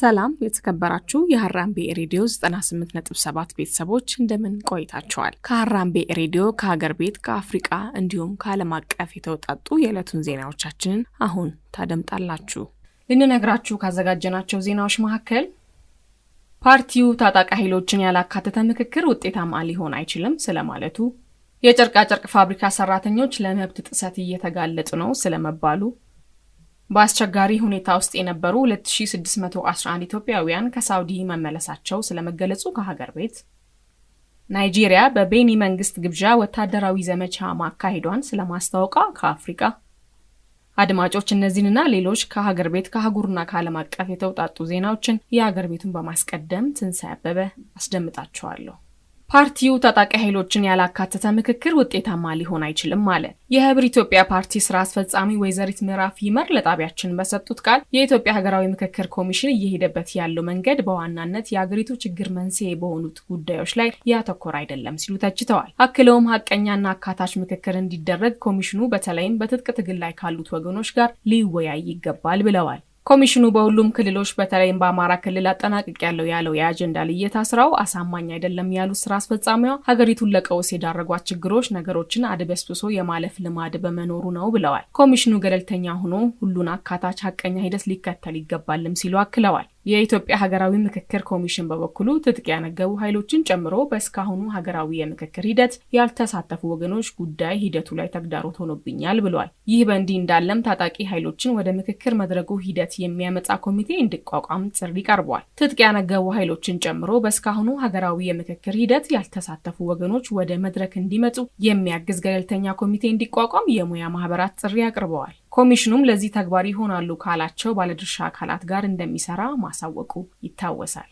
ሰላም የተከበራችሁ የሀራምቤ ሬዲዮ 98.7 ቤተሰቦች እንደምን ቆይታችኋል? ከሀራምቤ ሬዲዮ ከሀገር ቤት ከአፍሪቃ እንዲሁም ከዓለም አቀፍ የተውጣጡ የዕለቱን ዜናዎቻችንን አሁን ታደምጣላችሁ። ልንነግራችሁ ካዘጋጀናቸው ዜናዎች መካከል ፓርቲው ታጣቂ ኃይሎችን ያላካተተ ምክክር ውጤታማ ሊሆን አይችልም ስለማለቱ፣ የጨርቃጨርቅ ፋብሪካ ሰራተኞች ለመብት ጥሰት እየተጋለጡ ነው ስለመባሉ በአስቸጋሪ ሁኔታ ውስጥ የነበሩ 2611 ኢትዮጵያውያን ከሳውዲ መመለሳቸው ስለመገለጹ ከሀገር ቤት፣ ናይጄሪያ በቤኒ መንግስት ግብዣ ወታደራዊ ዘመቻ ማካሄዷን ስለማስታወቋ ከአፍሪቃ አድማጮች፣ እነዚህንና ሌሎች ከሀገር ቤት ከአህጉርና ከዓለም አቀፍ የተውጣጡ ዜናዎችን የሀገር ቤቱን በማስቀደም ትንሣኤ አበበ አስደምጣችኋለሁ። ፓርቲው ታጣቂ ኃይሎችን ያላካተተ ምክክር ውጤታማ ሊሆን አይችልም አለ። የህብር ኢትዮጵያ ፓርቲ ስራ አስፈጻሚ ወይዘሪት ምዕራፍ ይመር ለጣቢያችን በሰጡት ቃል የኢትዮጵያ ሀገራዊ ምክክር ኮሚሽን እየሄደበት ያለው መንገድ በዋናነት የአገሪቱ ችግር መንስኤ በሆኑት ጉዳዮች ላይ ያተኮረ አይደለም ሲሉ ተችተዋል። አክለውም ሀቀኛና አካታች ምክክር እንዲደረግ ኮሚሽኑ በተለይም በትጥቅ ትግል ላይ ካሉት ወገኖች ጋር ሊወያይ ይገባል ብለዋል። ኮሚሽኑ በሁሉም ክልሎች በተለይም በአማራ ክልል አጠናቅቅ ያለው ያለው የአጀንዳ ልየታ ስራው አሳማኝ አይደለም ያሉት ስራ አስፈጻሚዋ ሀገሪቱን ለቀውስ የዳረጓት ችግሮች ነገሮችን አድበስብሶ የማለፍ ልማድ በመኖሩ ነው ብለዋል። ኮሚሽኑ ገለልተኛ ሆኖ ሁሉን አካታች ሀቀኛ ሂደት ሊከተል ይገባልም ሲሉ አክለዋል። የኢትዮጵያ ሀገራዊ ምክክር ኮሚሽን በበኩሉ ትጥቅ ያነገቡ ኃይሎችን ጨምሮ በእስካሁኑ ሀገራዊ የምክክር ሂደት ያልተሳተፉ ወገኖች ጉዳይ ሂደቱ ላይ ተግዳሮት ሆኖብኛል ብሏል። ይህ በእንዲህ እንዳለም ታጣቂ ኃይሎችን ወደ ምክክር መድረጉ ሂደት የሚያመጣ ኮሚቴ እንዲቋቋም ጥሪ ቀርቧል። ትጥቅ ያነገቡ ኃይሎችን ጨምሮ በእስካሁኑ ሀገራዊ የምክክር ሂደት ያልተሳተፉ ወገኖች ወደ መድረክ እንዲመጡ የሚያግዝ ገለልተኛ ኮሚቴ እንዲቋቋም የሙያ ማህበራት ጥሪ አቅርበዋል። ኮሚሽኑም ለዚህ ተግባር ይሆናሉ ካላቸው ባለድርሻ አካላት ጋር እንደሚሰራ ማሳወቁ ይታወሳል።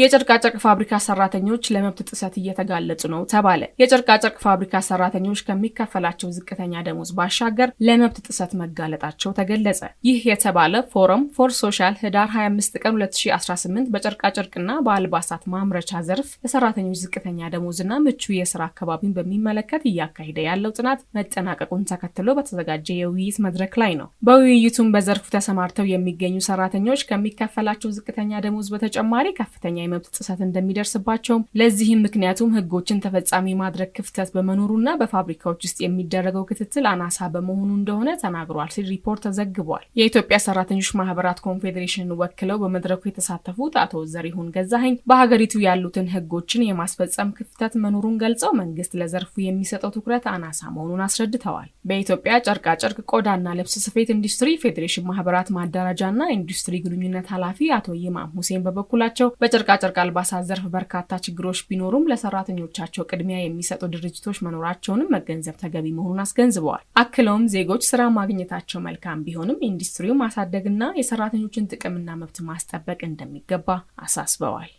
የጨርቃጨርቅ ፋብሪካ ሰራተኞች ለመብት ጥሰት እየተጋለጹ ነው ተባለ። የጨርቃጨርቅ ፋብሪካ ሰራተኞች ከሚከፈላቸው ዝቅተኛ ደሞዝ ባሻገር ለመብት ጥሰት መጋለጣቸው ተገለጸ። ይህ የተባለ ፎረም ፎር ሶሻል ህዳር 25 ቀን 2018 በጨርቃጨርቅና በአልባሳት ማምረቻ ዘርፍ ለሰራተኞች ዝቅተኛ ደሞዝና ምቹ የስራ አካባቢን በሚመለከት እያካሄደ ያለው ጥናት መጠናቀቁን ተከትሎ በተዘጋጀ የውይይት መድረክ ላይ ነው። በውይይቱም በዘርፉ ተሰማርተው የሚገኙ ሰራተኞች ከሚከፈላቸው ዝቅተኛ ደሞዝ በተጨማሪ ከፍተኛ የመብት ጥሰት እንደሚደርስባቸውም ለዚህም ምክንያቱም ህጎችን ተፈጻሚ ማድረግ ክፍተት በመኖሩና በፋብሪካዎች ውስጥ የሚደረገው ክትትል አናሳ በመሆኑ እንደሆነ ተናግሯል ሲል ሪፖርት ተዘግቧል። የኢትዮጵያ ሰራተኞች ማህበራት ኮንፌዴሬሽንን ወክለው በመድረኩ የተሳተፉት አቶ ዘሪሁን ገዛኸኝ በሀገሪቱ ያሉትን ህጎችን የማስፈጸም ክፍተት መኖሩን ገልጸው መንግስት ለዘርፉ የሚሰጠው ትኩረት አናሳ መሆኑን አስረድተዋል። በኢትዮጵያ ጨርቃጨርቅ፣ ቆዳና ልብስ ስፌት ኢንዱስትሪ ፌዴሬሽን ማህበራት ማደራጃና ኢንዱስትሪ ግንኙነት ኃላፊ አቶ ይማም ሁሴን በበኩላቸው በጨርቃ በጨርቃጨርቅ አልባሳት ዘርፍ በርካታ ችግሮች ቢኖሩም ለሰራተኞቻቸው ቅድሚያ የሚሰጡ ድርጅቶች መኖራቸውንም መገንዘብ ተገቢ መሆኑን አስገንዝበዋል። አክለውም ዜጎች ስራ ማግኘታቸው መልካም ቢሆንም ኢንዱስትሪው ማሳደግና የሰራተኞችን ጥቅምና መብት ማስጠበቅ እንደሚገባ አሳስበዋል።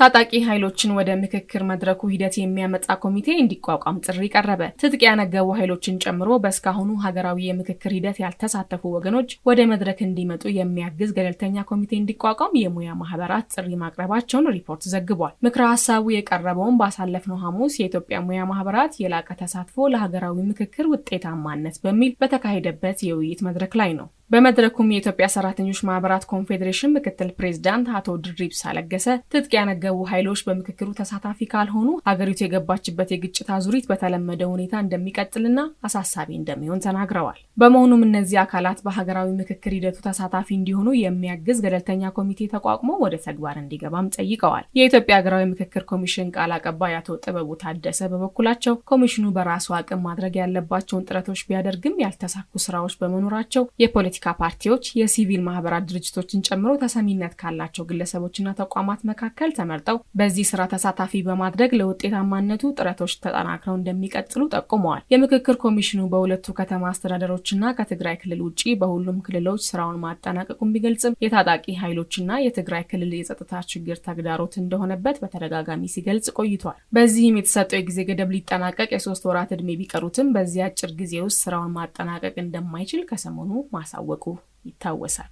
ታጣቂ ኃይሎችን ወደ ምክክር መድረኩ ሂደት የሚያመጣ ኮሚቴ እንዲቋቋም ጥሪ ቀረበ። ትጥቅ ያነገቡ ኃይሎችን ጨምሮ በእስካሁኑ ሀገራዊ የምክክር ሂደት ያልተሳተፉ ወገኖች ወደ መድረክ እንዲመጡ የሚያግዝ ገለልተኛ ኮሚቴ እንዲቋቋም የሙያ ማህበራት ጥሪ ማቅረባቸውን ሪፖርት ዘግቧል። ምክረ ሀሳቡ የቀረበውን ባሳለፍነው ሐሙስ የኢትዮጵያ ሙያ ማህበራት የላቀ ተሳትፎ ለሀገራዊ ምክክር ውጤታማነት በሚል በተካሄደበት የውይይት መድረክ ላይ ነው። በመድረኩም የኢትዮጵያ ሰራተኞች ማህበራት ኮንፌዴሬሽን ምክትል ፕሬዚዳንት አቶ ድሪብሳ ለገሰ ትጥቅ ያነገቡ ኃይሎች በምክክሩ ተሳታፊ ካልሆኑ ሀገሪቱ የገባችበት የግጭት አዙሪት በተለመደ ሁኔታ እንደሚቀጥልና አሳሳቢ እንደሚሆን ተናግረዋል። በመሆኑም እነዚህ አካላት በሀገራዊ ምክክር ሂደቱ ተሳታፊ እንዲሆኑ የሚያግዝ ገለልተኛ ኮሚቴ ተቋቁሞ ወደ ተግባር እንዲገባም ጠይቀዋል። የኢትዮጵያ ሀገራዊ ምክክር ኮሚሽን ቃል አቀባይ አቶ ጥበቡ ታደሰ በበኩላቸው ኮሚሽኑ በራሱ አቅም ማድረግ ያለባቸውን ጥረቶች ቢያደርግም ያልተሳኩ ስራዎች በመኖራቸው የፖለቲ የፖለቲካ ፓርቲዎች የሲቪል ማህበራት ድርጅቶችን ጨምሮ ተሰሚነት ካላቸው ግለሰቦችና ተቋማት መካከል ተመርጠው በዚህ ስራ ተሳታፊ በማድረግ ለውጤታማነቱ ጥረቶች ተጠናክረው እንደሚቀጥሉ ጠቁመዋል። የምክክር ኮሚሽኑ በሁለቱ ከተማ አስተዳደሮችና ከትግራይ ክልል ውጭ በሁሉም ክልሎች ስራውን ማጠናቀቁን ቢገልጽም የታጣቂ ኃይሎችና የትግራይ ክልል የጸጥታ ችግር ተግዳሮት እንደሆነበት በተደጋጋሚ ሲገልጽ ቆይቷል። በዚህም የተሰጠው የጊዜ ገደብ ሊጠናቀቅ የሶስት ወራት እድሜ ቢቀሩትም በዚህ አጭር ጊዜ ውስጥ ስራውን ማጠናቀቅ እንደማይችል ከሰሞኑ ማሳወቅ እንዳወቁ ይታወሳል።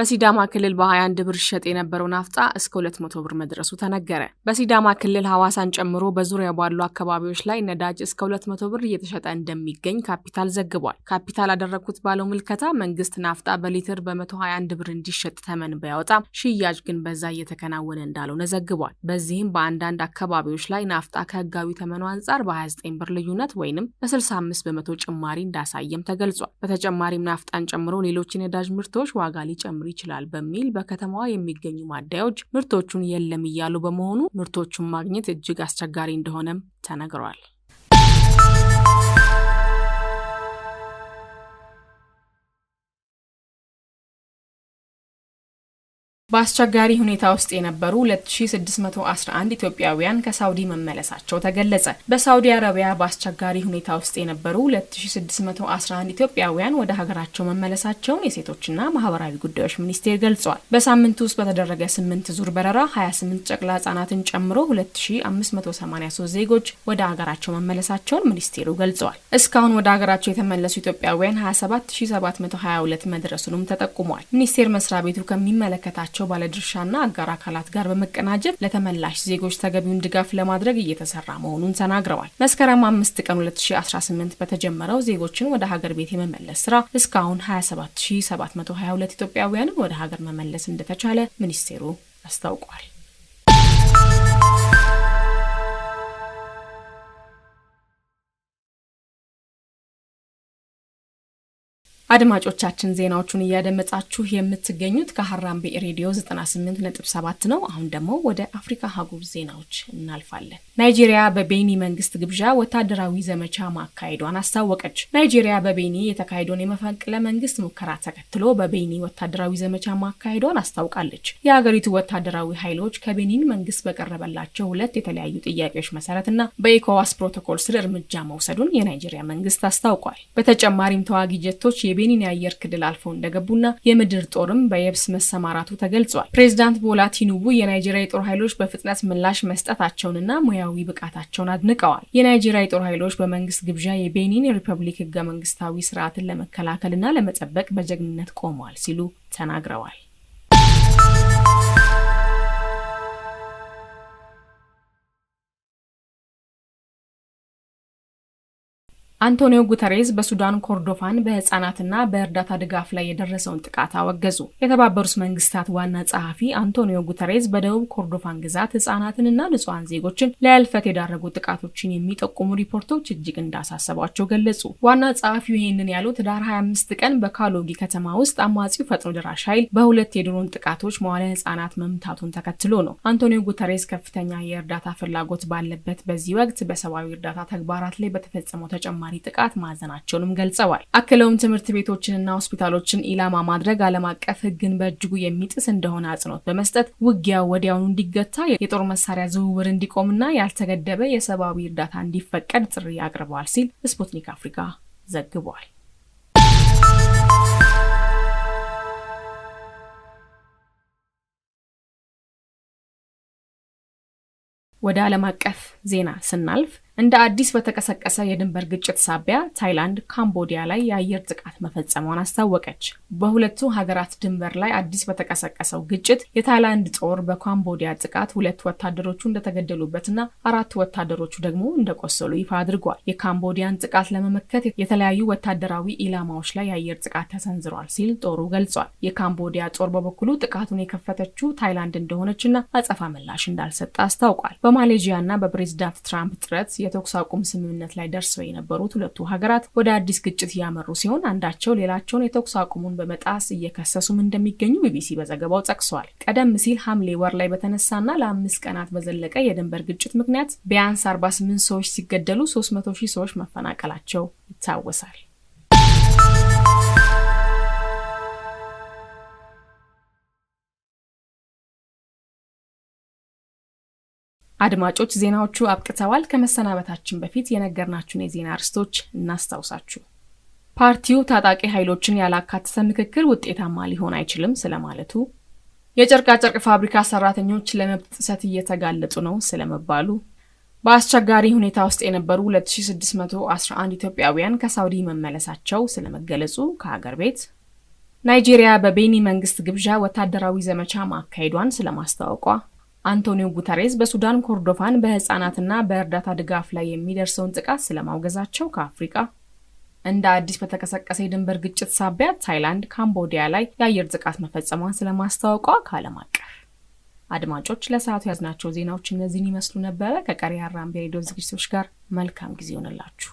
በሲዳማ ክልል በ21 ብር ሸጥ የነበረው ናፍጣ እስከ 200 ብር መድረሱ ተነገረ። በሲዳማ ክልል ሐዋሳን ጨምሮ በዙሪያ ባሉ አካባቢዎች ላይ ነዳጅ እስከ 200 ብር እየተሸጠ እንደሚገኝ ካፒታል ዘግቧል። ካፒታል አደረግኩት ባለው ምልከታ መንግስት ናፍጣ በሊትር በ121 ብር እንዲሸጥ ተመን ቢያወጣም ሽያጭ ግን በዛ እየተከናወነ እንዳልሆነ ዘግቧል። በዚህም በአንዳንድ አካባቢዎች ላይ ናፍጣ ከህጋዊ ተመኑ አንጻር በ29 ብር ልዩነት ወይንም በ65 በመቶ ጭማሪ እንዳሳየም ተገልጿል። በተጨማሪም ናፍጣን ጨምሮ ሌሎች የነዳጅ ምርቶች ዋጋ ሊጨምሩ ይችላል በሚል በከተማዋ የሚገኙ ማደያዎች ምርቶቹን የለም እያሉ በመሆኑ ምርቶቹን ማግኘት እጅግ አስቸጋሪ እንደሆነም ተነግሯል። በአስቸጋሪ ሁኔታ ውስጥ የነበሩ 2611 ኢትዮጵያውያን ከሳውዲ መመለሳቸው ተገለጸ። በሳውዲ አረቢያ በአስቸጋሪ ሁኔታ ውስጥ የነበሩ 2611 ኢትዮጵያውያን ወደ ሀገራቸው መመለሳቸውን የሴቶችና ማህበራዊ ጉዳዮች ሚኒስቴር ገልጿል። በሳምንቱ ውስጥ በተደረገ ስምንት ዙር በረራ 28 ጨቅላ ህጻናትን ጨምሮ 2583 ዜጎች ወደ ሀገራቸው መመለሳቸውን ሚኒስቴሩ ገልጿል። እስካሁን ወደ ሀገራቸው የተመለሱ ኢትዮጵያውያን 27722 መድረሱንም ተጠቁሟል። ሚኒስቴር መስሪያ ቤቱ ከሚመለከታቸው ካላቸው ባለድርሻና አጋር አካላት ጋር በመቀናጀት ለተመላሽ ዜጎች ተገቢውን ድጋፍ ለማድረግ እየተሰራ መሆኑን ተናግረዋል። መስከረም አምስት ቀን 2018 በተጀመረው ዜጎችን ወደ ሀገር ቤት የመመለስ ስራ እስካሁን 27722 ኢትዮጵያውያንን ወደ ሀገር መመለስ እንደተቻለ ሚኒስቴሩ አስታውቋል። አድማጮቻችን ዜናዎቹን እያደመጣችሁ የምትገኙት ከሀራምቤ ሬዲዮ 98.7 ነው። አሁን ደግሞ ወደ አፍሪካ ሀጉብ ዜናዎች እናልፋለን። ናይጄሪያ በቤኒ መንግስት ግብዣ ወታደራዊ ዘመቻ ማካሄዷን አስታወቀች። ናይጄሪያ በቤኒ የተካሄደውን የመፈንቅለ መንግስት ሙከራ ተከትሎ በቤኒ ወታደራዊ ዘመቻ ማካሄዷን አስታውቃለች። የሀገሪቱ ወታደራዊ ኃይሎች ከቤኒን መንግስት በቀረበላቸው ሁለት የተለያዩ ጥያቄዎች መሰረትና በኢኮዋስ ፕሮቶኮል ስር እርምጃ መውሰዱን የናይጄሪያ መንግስት አስታውቋል። በተጨማሪም ተዋጊ ጀቶች የቤኒን የአየር ክልል አልፈው እንደገቡና የምድር ጦርም በየብስ መሰማራቱ ተገልጿል። ፕሬዚዳንት ቦላ ቲኑቡ የናይጄሪያ የጦር ኃይሎች በፍጥነት ምላሽ መስጠታቸውንና ሙያዊ ብቃታቸውን አድንቀዋል። የናይጄሪያ የጦር ኃይሎች በመንግስት ግብዣ የቤኒን ሪፐብሊክ ህገ መንግስታዊ ስርዓትን ለመከላከልና ለመጠበቅ በጀግንነት ቆመዋል ሲሉ ተናግረዋል። አንቶኒዮ ጉተሬዝ በሱዳን ኮርዶፋን በህጻናትና በእርዳታ ድጋፍ ላይ የደረሰውን ጥቃት አወገዙ። የተባበሩት መንግስታት ዋና ጸሐፊ አንቶኒዮ ጉተሬዝ በደቡብ ኮርዶፋን ግዛት ህጻናትንና ንጹሐን ዜጎችን ለህልፈት የዳረጉ ጥቃቶችን የሚጠቁሙ ሪፖርቶች እጅግ እንዳሳሰቧቸው ገለጹ። ዋና ጸሐፊው ይህንን ያሉት ዳር 25 ቀን በካሎጊ ከተማ ውስጥ አማጺው ፈጥኖ ደራሽ ኃይል በሁለት የድሮን ጥቃቶች መዋለ ህጻናት መምታቱን ተከትሎ ነው። አንቶኒዮ ጉተሬዝ ከፍተኛ የእርዳታ ፍላጎት ባለበት በዚህ ወቅት በሰብአዊ እርዳታ ተግባራት ላይ በተፈጸመው ተጨማሪ ተጨማሪ ጥቃት ማዘናቸውንም ገልጸዋል። አክለውም ትምህርት ቤቶችንና ሆስፒታሎችን ኢላማ ማድረግ ዓለም አቀፍ ሕግን በእጅጉ የሚጥስ እንደሆነ አጽንኦት በመስጠት ውጊያ ወዲያውኑ እንዲገታ፣ የጦር መሳሪያ ዝውውር እንዲቆምና ያልተገደበ የሰብአዊ እርዳታ እንዲፈቀድ ጥሪ አቅርበዋል ሲል ስፑትኒክ አፍሪካ ዘግቧል። ወደ ዓለም አቀፍ ዜና ስናልፍ እንደ አዲስ በተቀሰቀሰ የድንበር ግጭት ሳቢያ ታይላንድ ካምቦዲያ ላይ የአየር ጥቃት መፈጸሟን አስታወቀች። በሁለቱ ሀገራት ድንበር ላይ አዲስ በተቀሰቀሰው ግጭት የታይላንድ ጦር በካምቦዲያ ጥቃት ሁለት ወታደሮቹ እንደተገደሉበትና አራት ወታደሮቹ ደግሞ እንደቆሰሉ ይፋ አድርጓል። የካምቦዲያን ጥቃት ለመመከት የተለያዩ ወታደራዊ ኢላማዎች ላይ የአየር ጥቃት ተሰንዝሯል ሲል ጦሩ ገልጿል። የካምቦዲያ ጦር በበኩሉ ጥቃቱን የከፈተችው ታይላንድ እንደሆነችና አጸፋ ምላሽ እንዳልሰጠ አስታውቋል። በማሌዥያና በፕሬዚዳንት ትራምፕ ጥረት የተኩስ አቁም ስምምነት ላይ ደርሰው የነበሩት ሁለቱ ሀገራት ወደ አዲስ ግጭት እያመሩ ሲሆን አንዳቸው ሌላቸውን የተኩስ አቁሙን በመጣስ እየከሰሱም እንደሚገኙ ቢቢሲ በዘገባው ጠቅሷል። ቀደም ሲል ሐምሌ ወር ላይ በተነሳና ለአምስት ቀናት በዘለቀ የድንበር ግጭት ምክንያት ቢያንስ 48 ሰዎች ሲገደሉ 300 ሺህ ሰዎች መፈናቀላቸው ይታወሳል። አድማጮች ዜናዎቹ አብቅተዋል። ከመሰናበታችን በፊት የነገርናችሁን የዜና አርዕስቶች እናስታውሳችሁ። ፓርቲው ታጣቂ ኃይሎችን ያላካተተ ምክክር ውጤታማ ሊሆን አይችልም ስለማለቱ፣ የጨርቃጨርቅ ፋብሪካ ሰራተኞች ለመብት ጥሰት እየተጋለጡ ነው ስለመባሉ፣ በአስቸጋሪ ሁኔታ ውስጥ የነበሩ 2611 ኢትዮጵያውያን ከሳውዲ መመለሳቸው ስለመገለጹ ከሀገር ቤት፣ ናይጄሪያ በቤኒ መንግስት ግብዣ ወታደራዊ ዘመቻ ማካሄዷን ስለማስታወቋ አንቶኒዮ ጉተሬዝ በሱዳን ኮርዶፋን በህጻናትና በእርዳታ ድጋፍ ላይ የሚደርሰውን ጥቃት ስለማውገዛቸው ከአፍሪቃ እንደ አዲስ በተቀሰቀሰ የድንበር ግጭት ሳቢያ ታይላንድ ካምቦዲያ ላይ የአየር ጥቃት መፈጸሟን ስለማስታወቋ ከዓለም አቀፍ አድማጮች ለሰዓቱ ያዝናቸው ዜናዎች እነዚህን ይመስሉ ነበረ። ከቀሪ አራምቢያ ሬዲዮ ዝግጅቶች ጋር መልካም ጊዜ ይሆንላችሁ።